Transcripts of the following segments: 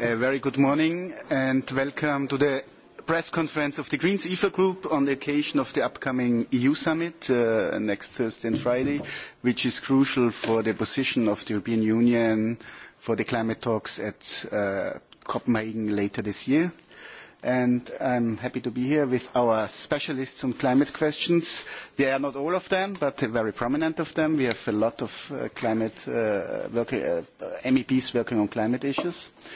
A very good morning and welcome to the press conference of the Greens IFA Group on the occasion of the upcoming EU summit uh, next Thursday and Friday, which is crucial for the position of the European Union for the climate talks at uh, Copenhagen later this year. And I'm happy to be here with our specialists on climate questions. They are not all of them, but very prominent of them. We have a lot of uh, climate uh, work, uh, MEPs working on climate issues. Uh,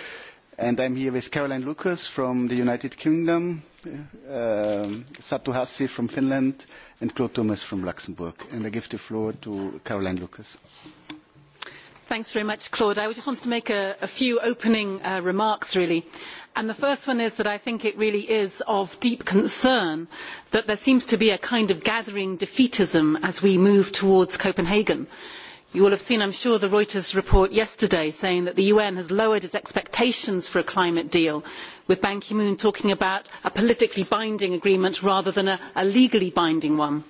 And I'm here with Caroline Lucas from the United Kingdom, uh, Satu Hassi from Finland, and Claude Thomas from Luxembourg. And I give the floor to Caroline Lucas. Thanks very much, Claude. I just wanted to make a, a few opening uh, remarks, really. And the first one is that I think it really is of deep concern that there seems to be a kind of gathering defeatism as we move towards Copenhagen you will have seen i am sure the reuters report yesterday saying that the un has lowered its expectations for a climate deal with ban ki moon talking about a politically binding agreement rather than a, legally binding one.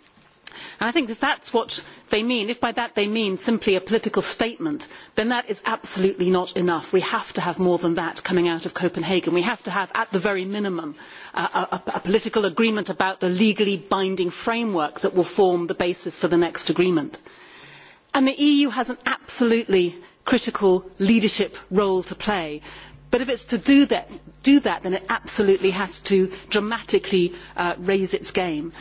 And i think if that is what they mean if by that they mean simply a political statement then that is absolutely not enough. we have to have more than that coming out of copenhagen. we have to have at the very minimum a, a political agreement about the legally binding framework that will form the basis for the next agreement and the eu has an absolutely critical leadership role to play but if it is to do that, do that, then it absolutely has to dramatically uh, raise its game.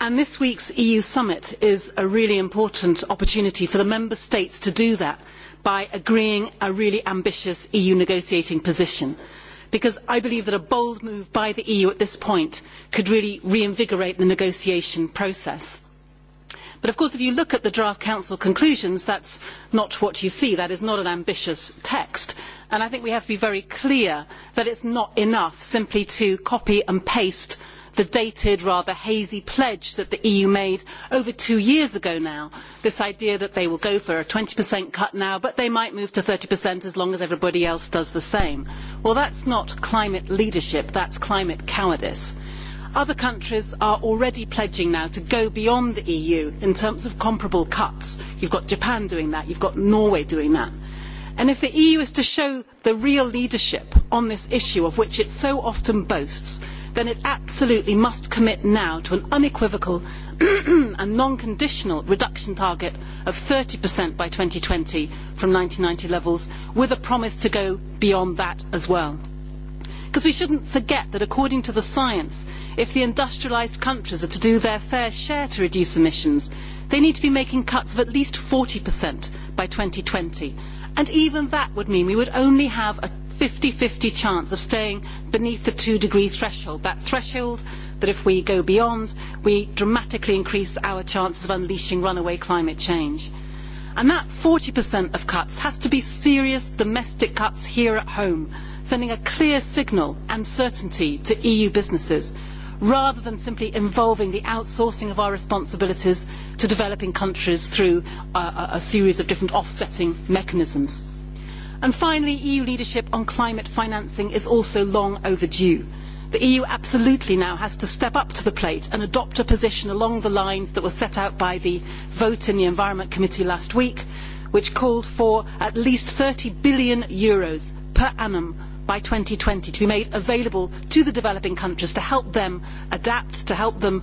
And this week's EU summit is a really important opportunity for the member states to do that by agreeing a really ambitious EU negotiating position. Because I believe that a bold move by the EU at this point could really reinvigorate the negotiation process But of course, if you look at the draft Council conclusions, that's not what you see. That is not an ambitious text. And I think we have to be very clear that it's not enough simply to copy and paste the dated, rather hazy pledge that the EU made over two years ago now. This idea that they will go for a 20% cut now, but they might move to 30% as long as everybody else does the same. Well, that's not climate leadership, that's climate cowardice. Other countries are already pledging now to go beyond the EU in terms of comparable cuts. You've got Japan doing that, you've got Norway doing that. And if the EU is to show the real leadership on this issue of which it so often boasts, then it absolutely must commit now to an unequivocal and non-conditional reduction target of 30% by 2020 from 1990 levels, with a promise to go beyond that as well. Because we shouldn't forget that according to the science, if the industrialised countries are to do their fair share to reduce emissions, they need to be making cuts of at least 40% by 2020. And even that would mean we would only have a 50-50 chance of staying beneath the two-degree threshold, that threshold that if we go beyond, we dramatically increase our chances of unleashing runaway climate change. And that 40% of cuts has to be serious domestic cuts here at home sending a clear signal and certainty to EU businesses rather than simply involving the outsourcing of our responsibilities to developing countries through a, a series of different offsetting mechanisms. And finally, EU leadership on climate financing is also long overdue. The EU absolutely now has to step up to the plate and adopt a position along the lines that were set out by the vote in the Environment Committee last week, which called for at least 30 billion euros per annum by 2020 to be made available to the developing countries to help them adapt, to help them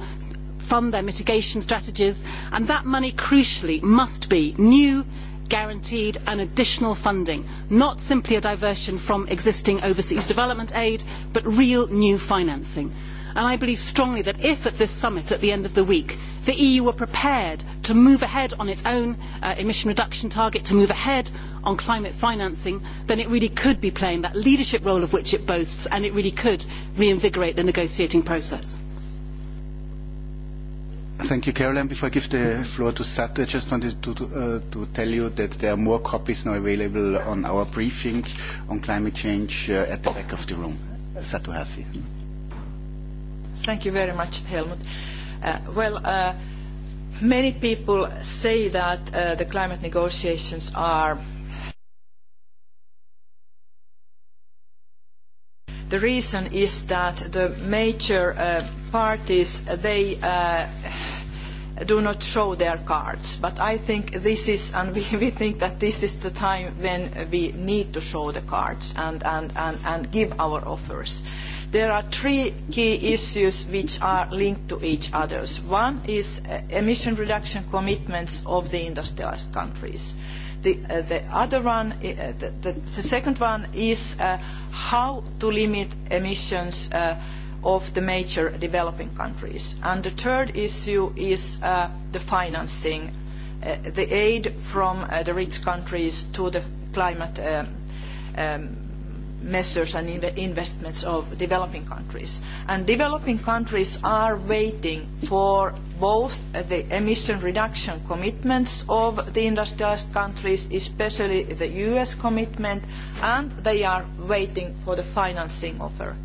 fund their mitigation strategies. And that money, crucially, must be new, guaranteed and additional funding, not simply a diversion from existing overseas development aid, but real new financing. And I believe strongly that if at this summit at the end of the week the EU were prepared to move ahead on its own uh, emission reduction target, to move ahead on climate financing, then it really could be playing that leadership role of which it boasts, and it really could reinvigorate the negotiating process. Thank you, Caroline. Before I give the floor to Satu, I just wanted to, uh, to tell you that there are more copies now available on our briefing on climate change uh, at the back of the room. Satu Hasi. Thank you very much, Helmut. Uh, Uh, well, uh, many people say that uh, the climate negotiations are The reason is that the major uh, parties, they uh, do not show their cards. But I think this is, and we, we, think that this is the time when we need to show the cards and, and, and, and give our offers. There are three key issues which are linked to each other. One is uh, emission reduction commitments of the industrialised countries. The, uh, the, other one, uh, the, the, the, second one is uh, how to limit emissions uh, of the major developing countries. And the third issue is uh, the financing, the aid from the rich countries to the climate um, um, measures and investments of developing countries. And developing countries are waiting for both the emission reduction commitments of the industrialised countries, especially the US commitment, and they are waiting for the financing offer.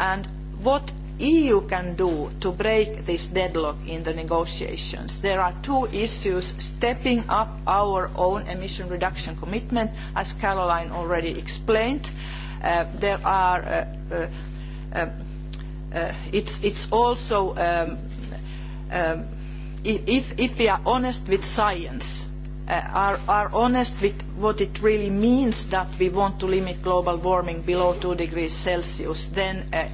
And what EU can do to break this deadlock in the negotiations. There are two issues, stepping up our own emission reduction commitment, as Caroline already explained, uh, Uh, there are uh, uh, it's it's also um, um, if if we are honest with science uh, are, are honest with what it really means that we want to limit global warming below 2 degrees Celsius, then uh,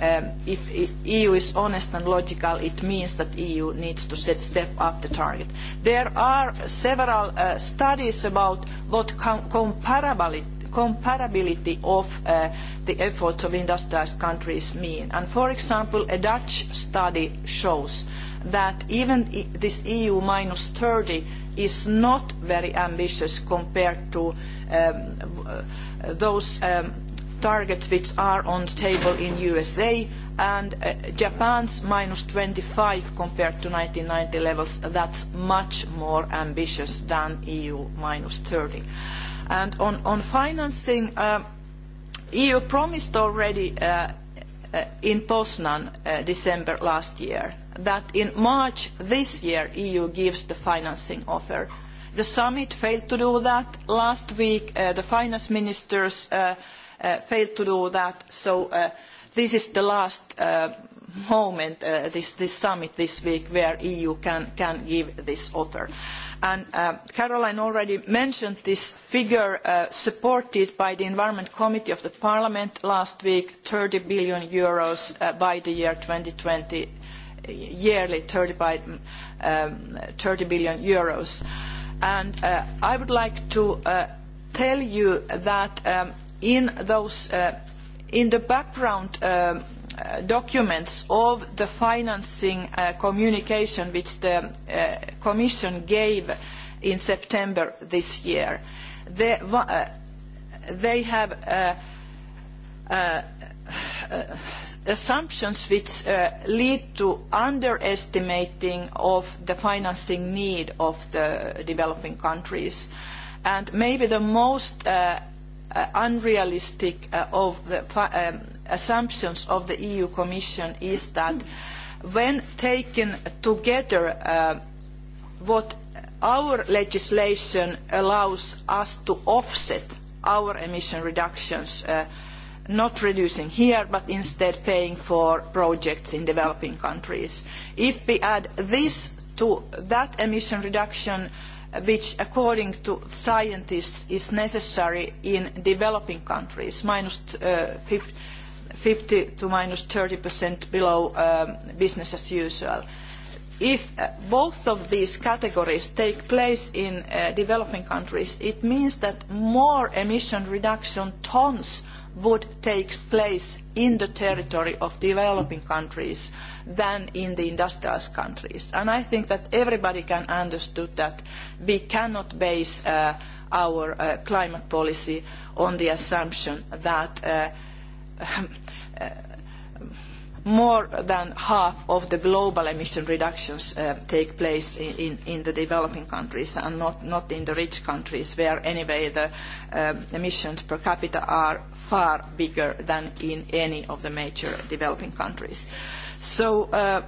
um, if, if EU is honest and logical, it means that EU needs to set step up the target. There are several uh, studies about what com comparable comparability of uh, the efforts of industrialised countries mean. And for example, a Dutch study shows that even this EU minus 30 is not very ambitious compared to um, uh, those um, targets which are on the table in USA and uh, Japan's minus 25 compared to 1990 levels, that's much more ambitious than EU minus 30. And on, financing, um, EU promised already uh, uh, in Poznan uh, December last year that in March this year EU gives the financing offer. The summit failed to do that. Last week uh, the finance ministers uh, uh failed to do that. So uh, this is the last moment, this, this, summit this week, where EU can, can give this offer and uh, caroline already mentioned this figure uh, supported by the environment committee of the parliament last week eur thirty billion Euros, uh, by the year two thousand and twenty yearly eur thirty, 30 um, billion Euros. and i would like to tell you that um, in, those, in the background um, Uh, documents of the financing uh, communication which the uh, Commission gave in September this year. They, have assumptions which lead to underestimating of the financing need of the developing countries. And maybe the most unrealistic of the um, assumptions of the EU Commission is that when taken together, uh, what our legislation allows us to offset our emission reductions, uh, not reducing here, but instead paying for projects in developing countries. If we add this to that emission reduction, which according to scientists is necessary in developing countries, minus uh, 50 to minus 30% below um, business as usual. If uh, both of these categories take place in uh, developing countries, it means that more emission reduction tons would take place in the territory of developing countries than in the industrialised countries. And I think that everybody can understand that we cannot base uh, our climate policy on the assumption that Uh, more than half of the global emission reductions uh, take place in, in, in, the developing countries and not, not, in the rich countries where anyway the um, emissions per capita are far bigger than in any of the major developing countries. So uh,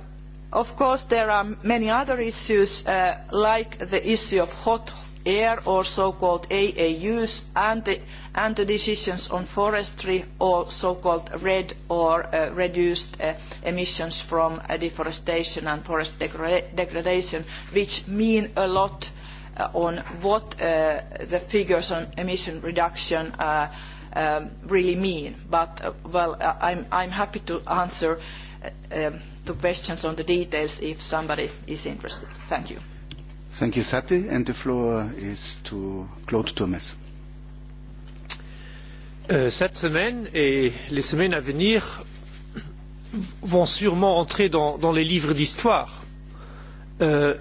of course there are many other issues uh, like the issue of hot air or so-called AAUs and the and the decisions on forestry or so-called red or uh, reduced uh, emissions from uh, deforestation and forest degra degradation, which mean a lot uh, on what uh, the figures on emission reduction uh, um, really mean. But, well, I'm, I'm happy to answer um, to questions on the details if somebody is interested. Thank you. Thank you, Sati. And the floor is to Claude Thomas. Euh, cette semaine et les semaines à venir vont sûrement entrer dans, dans les livres d'histoire. Euh,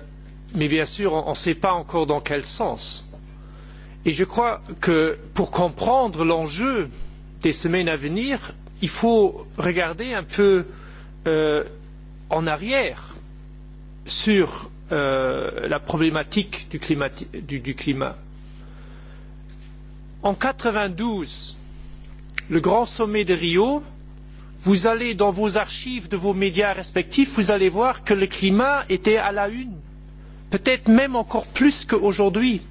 mais bien sûr, on ne sait pas encore dans quel sens. Et je crois que pour comprendre l'enjeu des semaines à venir, il faut regarder un peu euh, en arrière sur euh, la problématique du, climat du, du climat. En 92, le grand sommet de Rio, vous allez dans vos archives de vos médias respectifs, vous allez voir que le climat était à la une, peut-être même encore plus qu'aujourd'hui.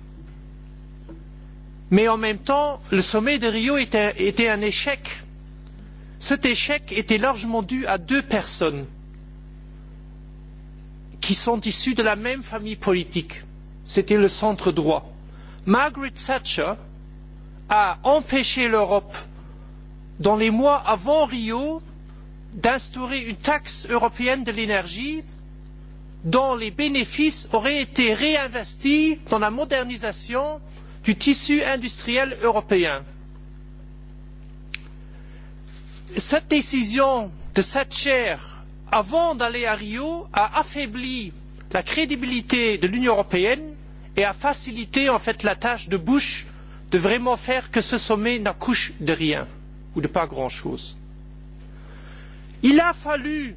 Mais en même temps, le sommet de Rio était, était un échec. Cet échec était largement dû à deux personnes qui sont issues de la même famille politique. C'était le centre droit. Margaret Thatcher a empêché l'Europe dans les mois avant Rio, d'instaurer une taxe européenne de l'énergie dont les bénéfices auraient été réinvestis dans la modernisation du tissu industriel européen. Cette décision de Thatcher avant d'aller à Rio a affaibli la crédibilité de l'Union européenne et a facilité en fait la tâche de Bush de vraiment faire que ce sommet n'accouche de rien ou de pas grand-chose. Il a fallu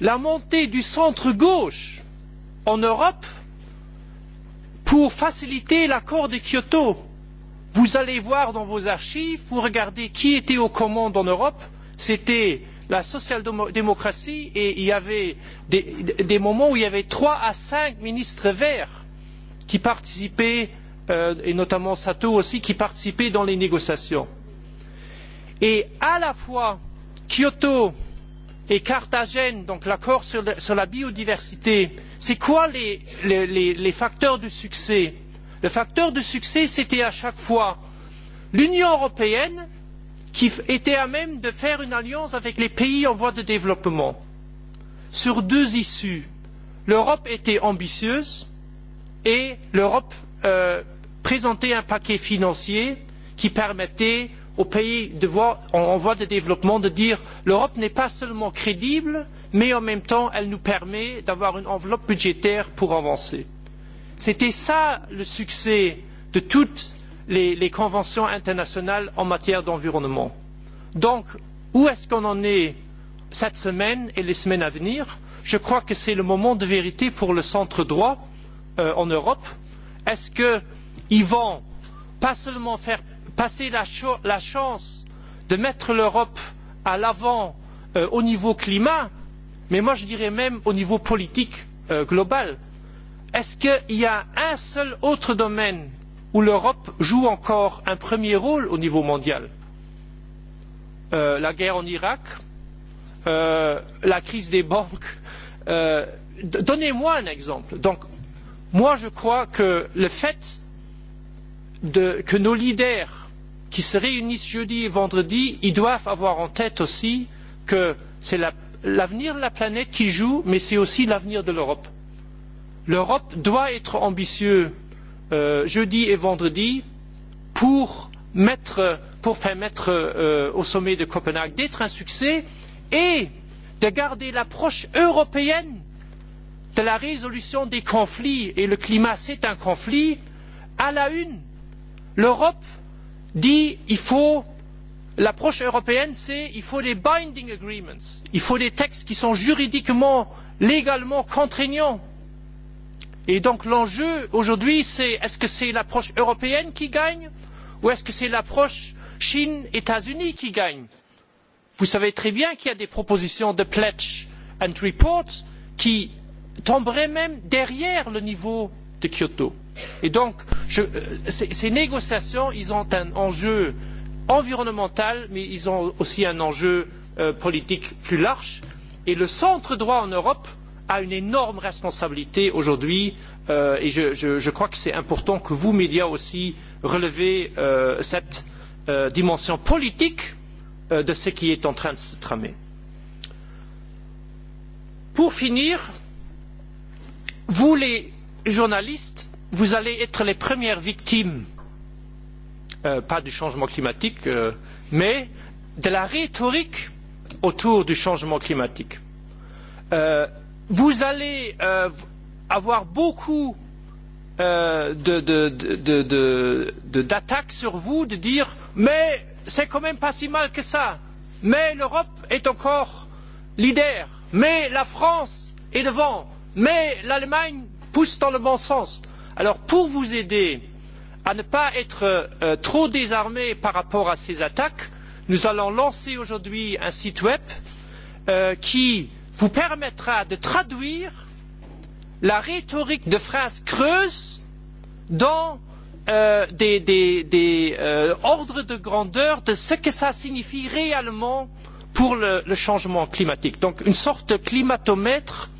la montée du centre-gauche en Europe pour faciliter l'accord de Kyoto. Vous allez voir dans vos archives, vous regardez qui était aux commandes en Europe, c'était la social-démocratie et il y avait des, des, moments où il y avait trois à cinq ministres verts qui participaient, euh, et notamment Sato aussi, qui participaient dans les négociations et à la fois Kyoto et Carthagène, donc l'accord sur, sur, la biodiversité, c'est quoi les, les, les, les facteurs de succès Le facteur de succès, c'était à chaque fois l'Union européenne qui était à même de faire une alliance avec les pays en voie de développement sur deux issues. L'Europe était ambitieuse et l'Europe euh, présentait un paquet financier qui permettait aux pays de voie, en, en voie de développement de dire l'Europe n'est pas seulement crédible, mais en même temps elle nous permet d'avoir une enveloppe budgétaire pour avancer. C'était ça le succès de toutes les, les conventions internationales en matière d'environnement. Donc, où est-ce qu'on en est cette semaine et les semaines à venir Je crois que c'est le moment de vérité pour le centre droit euh, en Europe. Est-ce qu'ils vont pas seulement faire passer la, la chance de mettre l'Europe à l'avant euh, au niveau climat, mais moi je dirais même au niveau politique euh, global. Est-ce qu'il y a un seul autre domaine où l'Europe joue encore un premier rôle au niveau mondial euh, La guerre en Irak, euh, la crise des banques. Euh, Donnez-moi un exemple. Donc, moi je crois que le fait de, que nos leaders qui se réunissent jeudi et vendredi, ils doivent avoir en tête aussi que c'est l'avenir la, de la planète qui joue, mais c'est aussi l'avenir de l'Europe. L'Europe doit être ambitieuse euh, jeudi et vendredi pour, mettre, pour permettre euh, au sommet de Copenhague d'être un succès et de garder l'approche européenne de la résolution des conflits et le climat c'est un conflit à la une. L'Europe dit il faut l'approche européenne c'est il faut des binding agreements il faut des textes qui sont juridiquement légalement contraignants et donc l'enjeu aujourd'hui c'est est ce que c'est l'approche européenne qui gagne ou est ce que c'est l'approche Chine États Unis qui gagne? Vous savez très bien qu'il y a des propositions de pledge and report qui tomberaient même derrière le niveau de Kyoto. Et donc, je, euh, ces, ces négociations, ils ont un enjeu environnemental, mais ils ont aussi un enjeu euh, politique plus large. Et le centre droit en Europe a une énorme responsabilité aujourd'hui, euh, et je, je, je crois que c'est important que vous, médias aussi, relevez euh, cette euh, dimension politique euh, de ce qui est en train de se tramer. Pour finir, vous les journalistes, vous allez être les premières victimes, euh, pas du changement climatique, euh, mais de la rhétorique autour du changement climatique. Euh, vous allez euh, avoir beaucoup euh, de, de, de, de, de, d'attaques sur vous, de dire mais c'est quand même pas si mal que ça, mais l'Europe est encore leader, mais la France est devant, mais l'Allemagne pousse dans le bon sens. Euh, Alors pour vous aider à ne pas être euh, euh, trop désarmés par rapport à ces attaques, nous allons lancer aujourd'hui un site web euh, qui vous permettra de traduire la rhétorique de phrases creuses dans euh, des, des, des euh, ordres de grandeur de ce que ça signifie réellement pour le, le changement climatique. Donc une sorte de climatomètre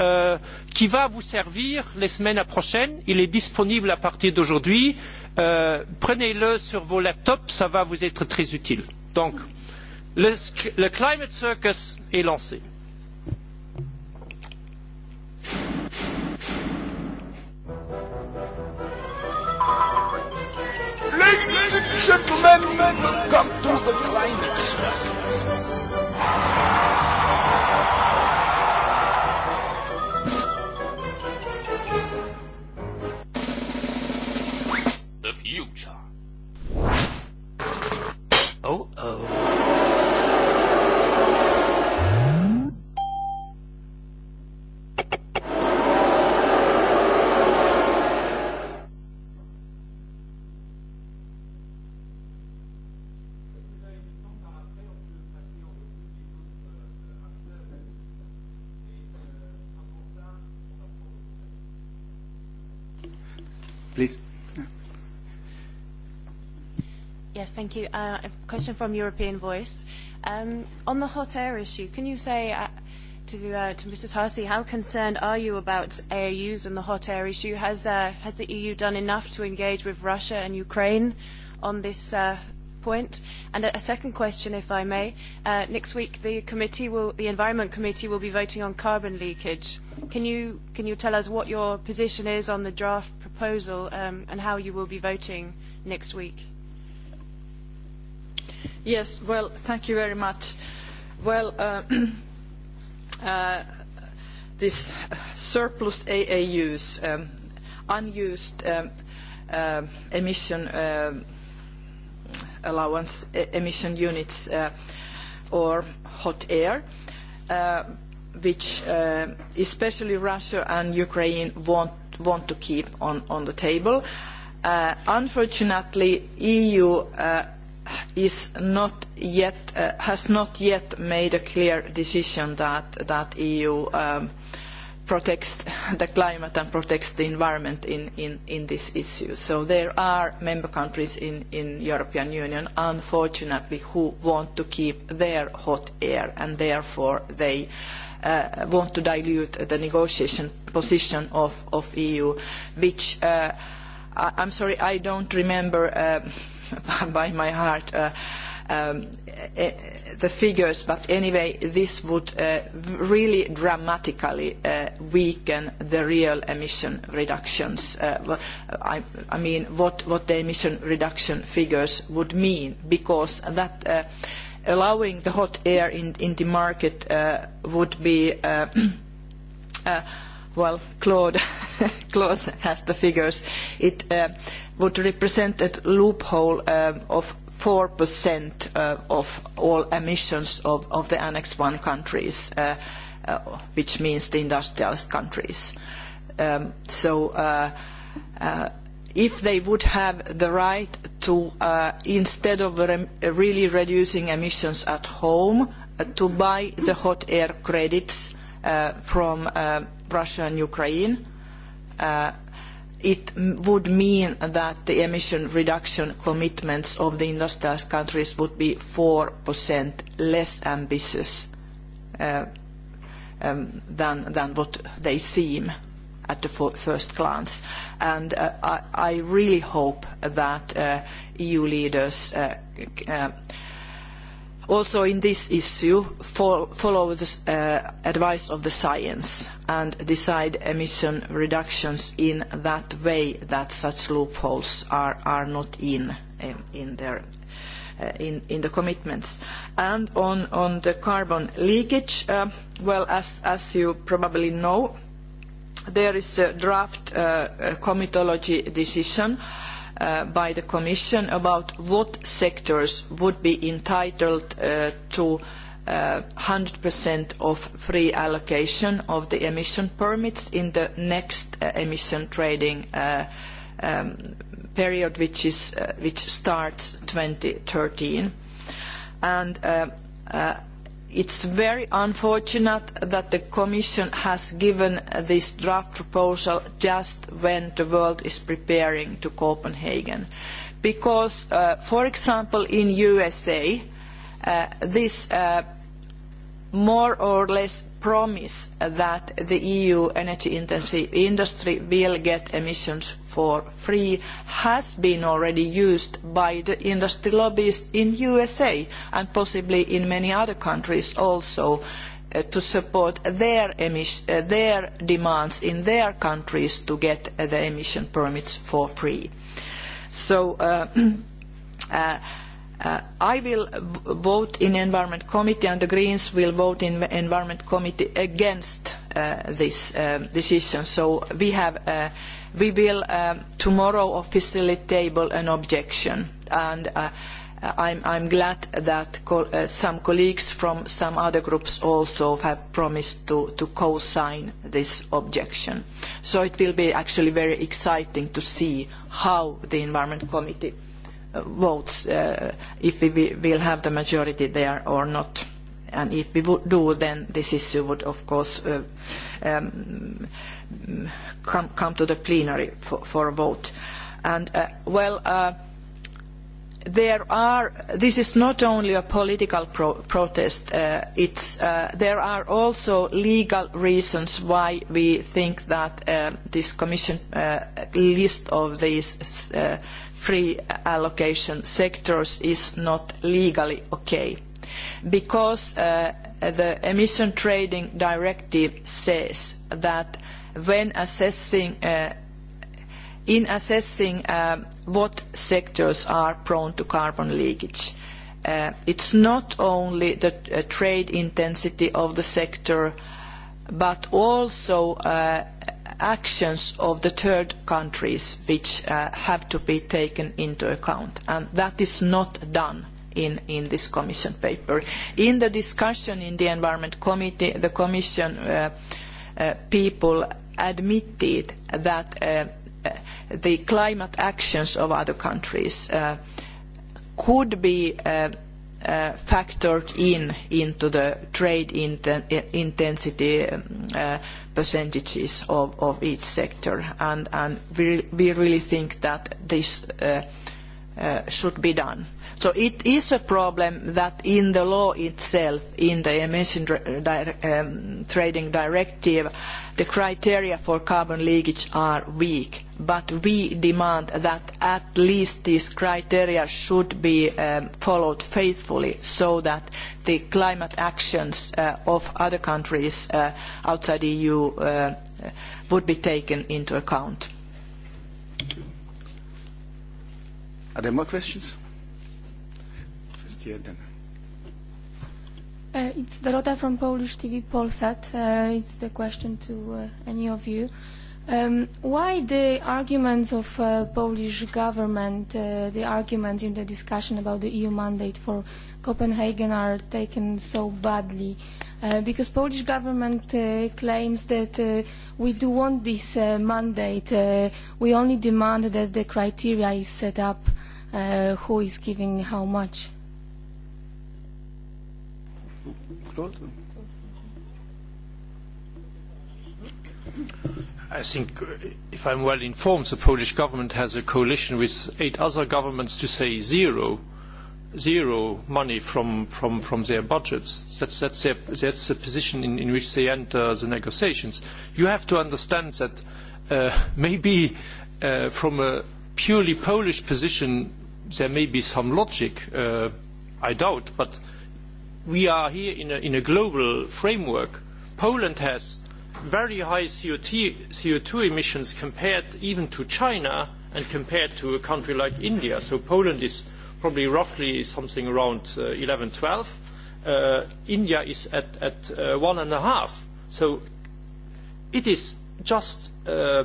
Euh, qui va vous servir les semaines prochaines. Il est disponible à partir d'aujourd'hui. Euh, Prenez-le sur vos laptops, ça va vous être très utile. Donc, le, le Climate Circus est lancé. Ladies and gentlemen, welcome to the Climate Circus. Oh, oh. thank you. Uh, a question from European Voice. Um, on the hot air issue, can you say uh, to, uh, to Mrs. Harsey, how concerned are you about AAUs and the hot air issue? Has, uh, has the EU done enough to engage with Russia and Ukraine on this uh, point? And a, a second question, if I may. Uh, next week, the committee will, the Environment Committee will be voting on carbon leakage. Can you, can you tell us what your position is on the draft proposal um, and how you will be voting next week? Yes, well, thank you very much. Well, uh, uh, this surplus AAUs, um, unused um, uh, emission uh, allowance, emission units, uh, or hot air, uh, which especially Russia and Ukraine want, want to keep on, on the table. Unfortunately, EU is not yet, uh, has not yet made a clear decision that, that EU um, protects the climate and protects the environment in, in, in this issue. So there are member countries in, in European Union, unfortunately, who want to keep their hot air and therefore they uh, want to dilute the negotiation position of, of EU, which uh, I, I'm sorry, I don't remember uh, by my heart uh, um, eh, eh, the figures, but anyway, this would uh, really dramatically uh, weaken the real emission reductions. Uh, I, I, mean, what, what the emission reduction figures would mean, because that allowing the hot air in, in the market would be, well, Claude. clause has the figures, it uh, would represent a loophole uh, of 4% uh, of all emissions of, of the Annex I countries, uh, uh, which means the industrialised countries. Um, so uh, if they would have the right to, instead of really reducing emissions at home, to buy the hot air credits from Russia and Ukraine, Uh, it would mean that the emission reduction commitments of the industrialised countries would be 4% less ambitious uh, um, than, than, what they seem at the first glance. And uh, I, I, really hope that uh, EU leaders uh, uh, also in this issue follow the uh, advice of the science and decide emission reductions in that way that such loopholes are, are not in, in their uh, in, in the commitments. and On, on the carbon leakage, uh, well, as, as you probably know, there is a draft uh, comitology decision Uh, by the Commission about what sectors would be entitled uh, to 100% uh, of free allocation of the emission permits in the next uh, emission trading um, period, which, is, which starts 2013. And it's very unfortunate that the Commission has given this draft proposal just when the world is preparing to Copenhagen. Because, uh, for example, in USA, uh, this uh, more or less promise that the EU energy intensive industry will get emissions for free has been already used by the industry lobbyists in USA and possibly in many other countries also uh, to support their, uh, their, demands in their countries to get uh, the emission permits for free. So uh, uh, Uh, I will vote in Environment Committee and the Greens will vote in Environment Committee against uh, this uh, decision. So we, have, uh, we will uh, tomorrow officially table an objection. And I'm, I'm glad that co some colleagues from some other groups also have promised to, to co-sign this objection. So it will be actually very exciting to see how the Environment Committee votes uh, if we will have the majority there or not. And if we would do, then this issue would, of course, uh, um, come, come to the plenary for, for a vote. And, uh, well, there are, this is not only a political pro protest, uh, uh, there are also legal reasons why we think that uh, this Commission uh, list of these uh, free allocation sectors is not legally okay. Because uh, the Emission Trading Directive says that when assessing in assessing uh, what sectors are prone to carbon leakage. Uh, it's not only the uh, trade intensity of the sector, but also uh, actions of the third countries which uh, have to be taken into account. And that is not done in, in this Commission paper. In the discussion in the Environment Committee, the Commission uh, uh, people admitted that uh, Uh, the climate actions of other countries uh, could be uh, uh, factored in into the trade intensity um, uh, percentages of, of each sector. And, and we, we really think that this uh, Uh, should be done. So it is a problem that in the law itself, in the emission di um, trading directive, the criteria for carbon leakage are weak. But we demand that at least these criteria should be um, followed faithfully so that the climate actions uh, of other countries uh, outside the EU uh, would be taken into account. Are there more questions? Question. Uh, it's Dorota from Polish TV Polsat. Uh, it's the question to uh, any of you. Um, why the arguments of uh, Polish government, uh, the arguments in the discussion about the EU mandate for Copenhagen are taken so badly? Uh, because Polish government uh, claims that uh, we do want this uh, mandate. Uh, we only demand that the criteria is set up uh, uh, who is giving how much. I think, uh, if I'm well informed, the Polish government has a coalition with eight other governments to say zero, zero money from, from, from their budgets. That's, that's, their, that's the position in, in which they enter the negotiations. You have to understand that uh, maybe uh, from a purely Polish position, there may be some logic, uh, I doubt, but we are here in a, in a global framework. Poland has very high CO2 emissions compared even to China and compared to a country like India. So Poland is probably roughly something around uh, 11, 12. Uh, India is at, at uh, one and a half. So it is just uh,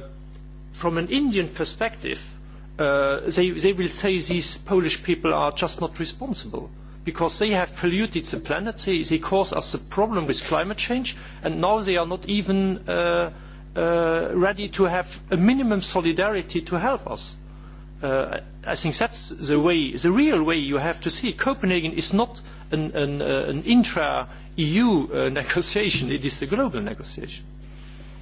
from an Indian perspective, Uh, they, they will say these Polish people are just not responsible because they have polluted the planet, they, they cause us a problem with climate change, and now they are not even uh, uh, ready to have a minimum solidarity to help us. Uh, I think that's the way, the real way you have to see. Copenhagen is not an, an, uh, an intra-EU uh, negotiation, it is a global negotiation.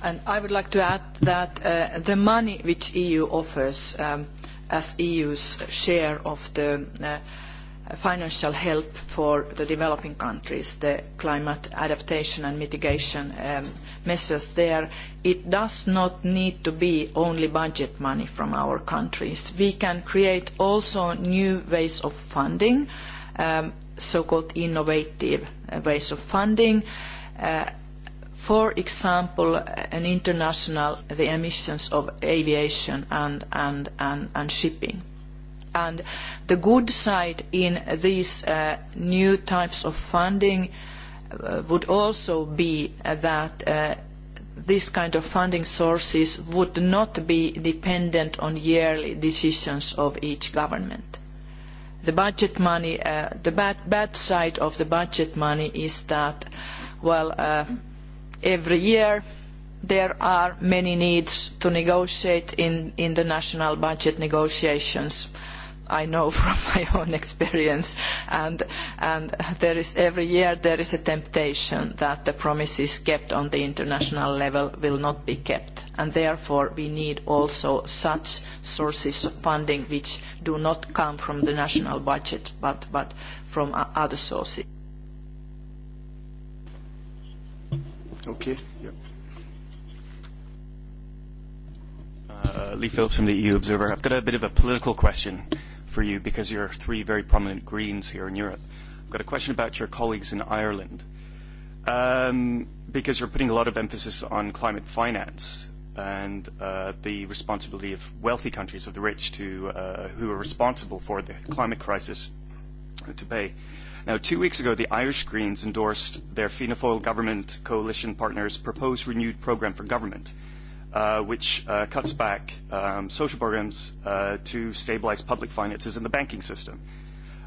And I would like to add that uh, the money which EU offers um, as EU's share of the uh, financial help for the developing countries, the climate adaptation and mitigation um, measures there, it does not need to be only budget money from our countries. We can create also new ways of funding, um, so-called innovative uh, ways of funding, uh, for example, an international, the emissions of aviation and, and, and, and shipping. And the good side in these uh, new types of funding uh, would also be that uh, these kind of funding sources would not be dependent on yearly decisions of each government. The budget money, uh, the bad, bad, side of the budget money is that, well, uh, every year there are many needs to negotiate in, in the national budget negotiations. I know from my own experience, and, and there is every year there is a temptation that the promises kept on the international level will not be kept, and therefore we need also such sources of funding which do not come from the national budget but, but from other sources. Okay. Yep. Uh, Lee Phillips from the EU Observer. I've got a bit of a political question for you because you're three very prominent Greens here in Europe. I've got a question about your colleagues in Ireland um, because you're putting a lot of emphasis on climate finance and uh, the responsibility of wealthy countries, of the rich, to uh, who are responsible for the climate crisis to pay. Uh, Now, two weeks ago, the Irish Greens endorsed their Fianna Fáil government coalition partners' proposed renewed programme for government, uh, which uh, cuts back um, social programmes uh, to stabilise public finances and the banking system.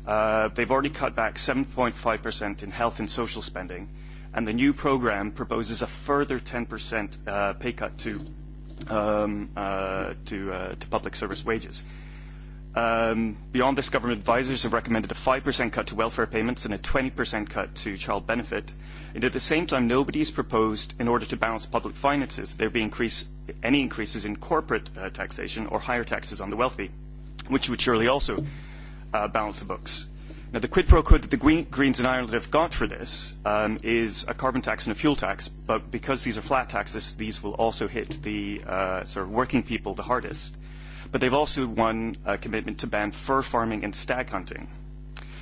Uh, they've already cut back 7.5% in health and social spending, and the new programme proposes a further 10% uh, pay cut to, um, uh, to, uh, to public service wages. Um, beyond this, government advisers have recommended a 5% cut to welfare payments and a 20% cut to child benefit. And at the same time, nobody has proposed, in order to balance public finances, there be increase, any increases in corporate uh, taxation or higher taxes on the wealthy, which would surely also uh, balance the books. Now, the quid pro quo that the Green, Greens in Ireland have got for this um, is a carbon tax and a fuel tax, but because these are flat taxes, these will also hit the uh, sort of working people the hardest but they've also won a commitment to ban fur farming and stag hunting.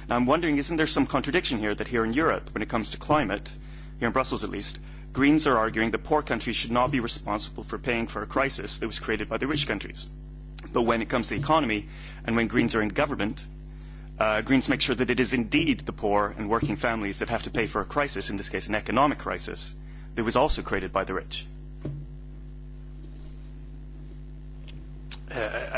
Now, I'm wondering, isn't there some contradiction here that here in Europe, when it comes to climate, here in Brussels at least, Greens are arguing that poor countries should not be responsible for paying for a crisis that was created by the rich countries. But when it comes to the economy and when Greens are in government, uh, Greens make sure that it is indeed the poor and working families that have to pay for a crisis, in this case an economic crisis, that was also created by the rich.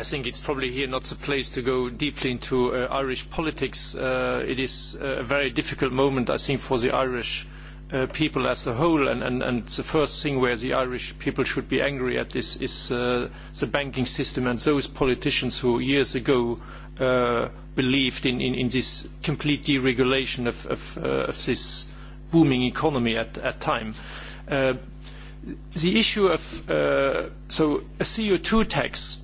I think it's probably here not the place to go deeply into uh, Irish politics. Uh, it is uh, a very difficult moment, I think, for the Irish uh, people as a whole, and, and, and, the first thing where the Irish people should be angry at is, is uh, the banking system and those politicians who years ago uh, believed in, in, in, this complete deregulation of, of, of this booming economy at that time the issue of uh, so a CO2 tax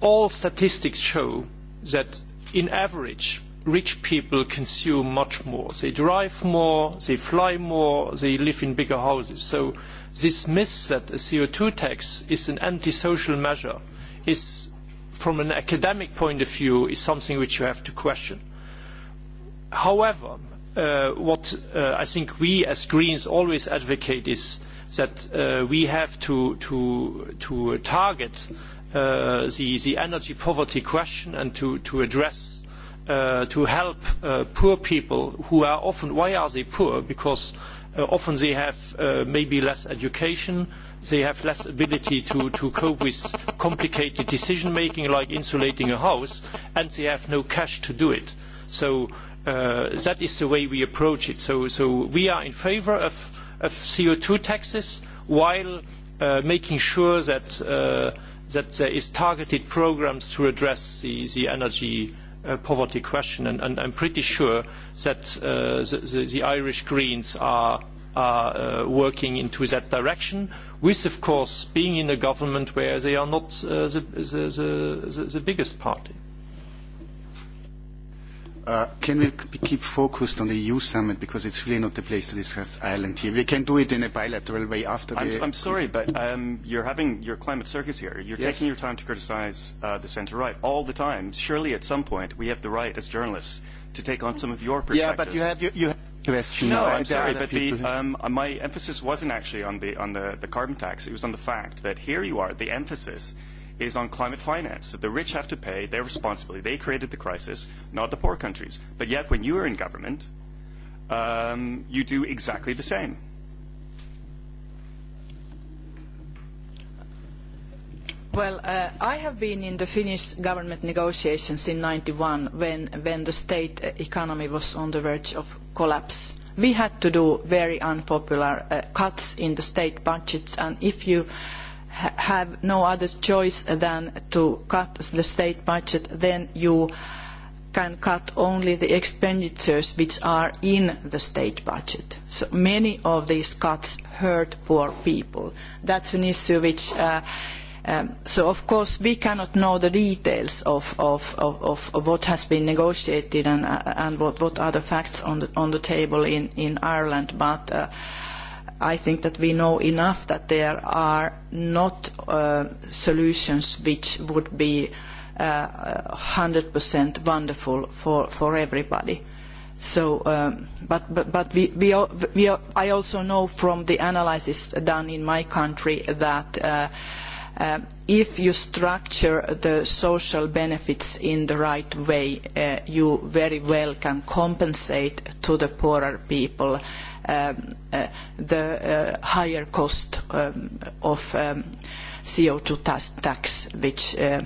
all statistics show that in average rich people consume much more. They drive more, they fly more, they live in bigger houses. So this myth that a CO2 tax is an antisocial measure is, from an academic point of view, is something which you have to question. However, uh, what uh, I think we as Greens always advocate is that uh, we have to, to, to target uh, the, the energy poverty question and to, to address uh, to help uh, poor people who are often why are they poor because uh, often they have uh, maybe less education they have less ability to, to cope with complicated decision making like insulating a house and they have no cash to do it so uh, that is the way we approach it so, so we are in favour of, of CO2 taxes while uh, making sure that uh, that there uh, is targeted programs to address the, the energy uh, poverty question. And, and I'm pretty sure that uh, the, the, the Irish Greens are are uh, working into that direction, with, of course, being in a government where they are not uh, the, the, the, the biggest party. Uh, can we keep focused on the EU summit because it's really not the place to discuss Ireland here. We can do it in a bilateral way after the. I'm, sorry, but um, you're having your climate circus here. You're yes. taking your time to criticise uh, the centre right all the time. Surely, at some point, we have the right as journalists to take on some of your perspectives. Yeah, but you have you. you have Question. No, I'm sorry, but the, um, my emphasis wasn't actually on the on the, the carbon tax. It was on the fact that here you are. The emphasis is on climate finance, that the rich have to pay their responsibility. They created the crisis, not the poor countries. But yet, when you are in government, um, you do exactly the same. Well, uh, I have been in the Finnish government negotiations in 91 when, when the state uh, economy was on the verge of collapse. We had to do very unpopular uh, cuts in the state budgets, and if you uh, have no other choice than to cut the state budget, then you can cut only the expenditures which are in the state budget. So many of these cuts hurt poor people. That's an issue which uh, Um, so of course we cannot know the details of, of, of, of what has been negotiated and, uh, and what, what, are the facts on the, on the table in, in Ireland, but uh, I think that we know enough that there are not uh, solutions which would be uh, 100% wonderful for, for everybody. So, um, but, but, but we, we, are, we are, I also know from the analysis done in my country that uh, Uh, if you structure the social benefits in the right way, uh, you very well can compensate to the poorer people Um, uh, the uh, higher cost um, of um, CO2 tax, tax which, uh,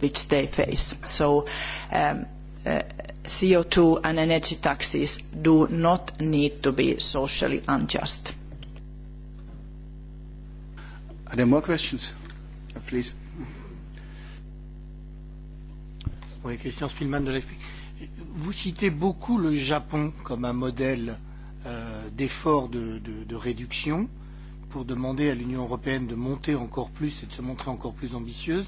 which they face. So um, uh, CO2 and energy taxes do not need to be socially unjust. Are there more questions? Uh, please. Oui, Christian Spielmann de l'AFP. Vous citez beaucoup le Japon comme un modèle Euh, d'efforts de, de, de réduction pour demander à l'Union européenne de monter encore plus et de se montrer encore plus ambitieuse.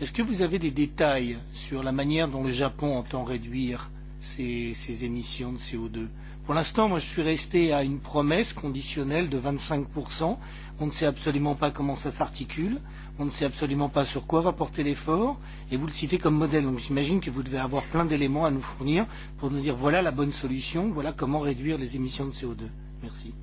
Est-ce que vous avez des détails sur la manière dont le Japon entend réduire ses, ses émissions de CO2 Pour l'instant, moi, je suis resté à une promesse conditionnelle de 25%. On ne sait absolument pas comment ça s'articule. On ne sait absolument pas sur quoi va porter l'effort. Et vous le citez comme modèle. Donc j'imagine que vous devez avoir plein d'éléments à nous fournir pour nous dire voilà la bonne solution, voilà comment réduire les émissions de CO2. Merci.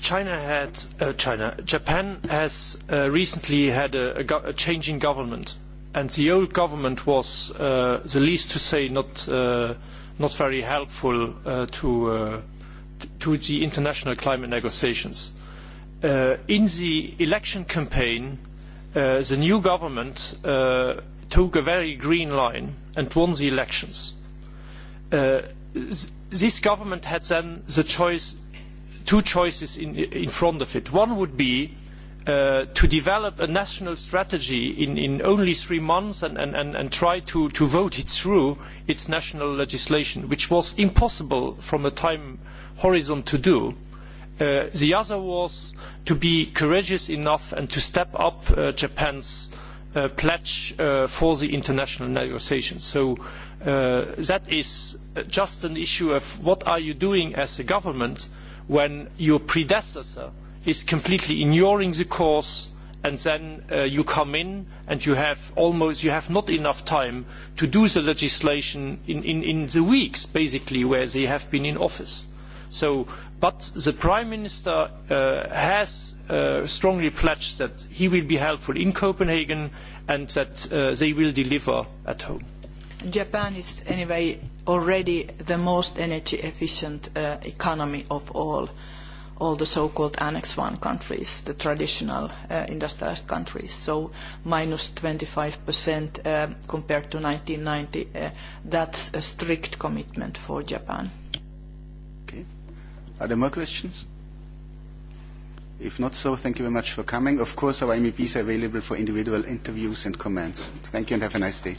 China had, uh, China, Japan has uh, recently had a, a, go a change in government and the old government was, uh, the least to say, not uh, not very helpful uh, to uh, to the international climate negotiations. Uh, in the election campaign, uh, the new government took a very green line and won the elections. this government had then the choice, two choices in, in front of it. One would be Uh, to develop a national strategy in, in only three months and, and, and try to, to, vote it through its national legislation, which was impossible from a time horizon to do. Uh, the other was to be courageous enough and to step up uh, Japan's uh, pledge uh, for the international negotiations. So uh, that is just an issue of what are you doing as a government when your predecessor is completely ignoring the course and then uh, you come in and you have almost you have not enough time to do the legislation in, in, in the weeks basically where they have been in office. So, but the Prime Minister uh, has uh, strongly pledged that he will be helpful in Copenhagen and that uh, they will deliver at home. Japan is anyway already the most energy efficient uh, economy of all. Uh, all the so-called Annex I countries, the traditional uh, industrialized countries, so minus 25% uh, compared to 1990. Uh, that's a strict commitment for Japan. Okay. Are there more questions? If not so, thank you very much for coming. Of course, our MEPs are available for individual interviews and comments. Thank you and have a nice day.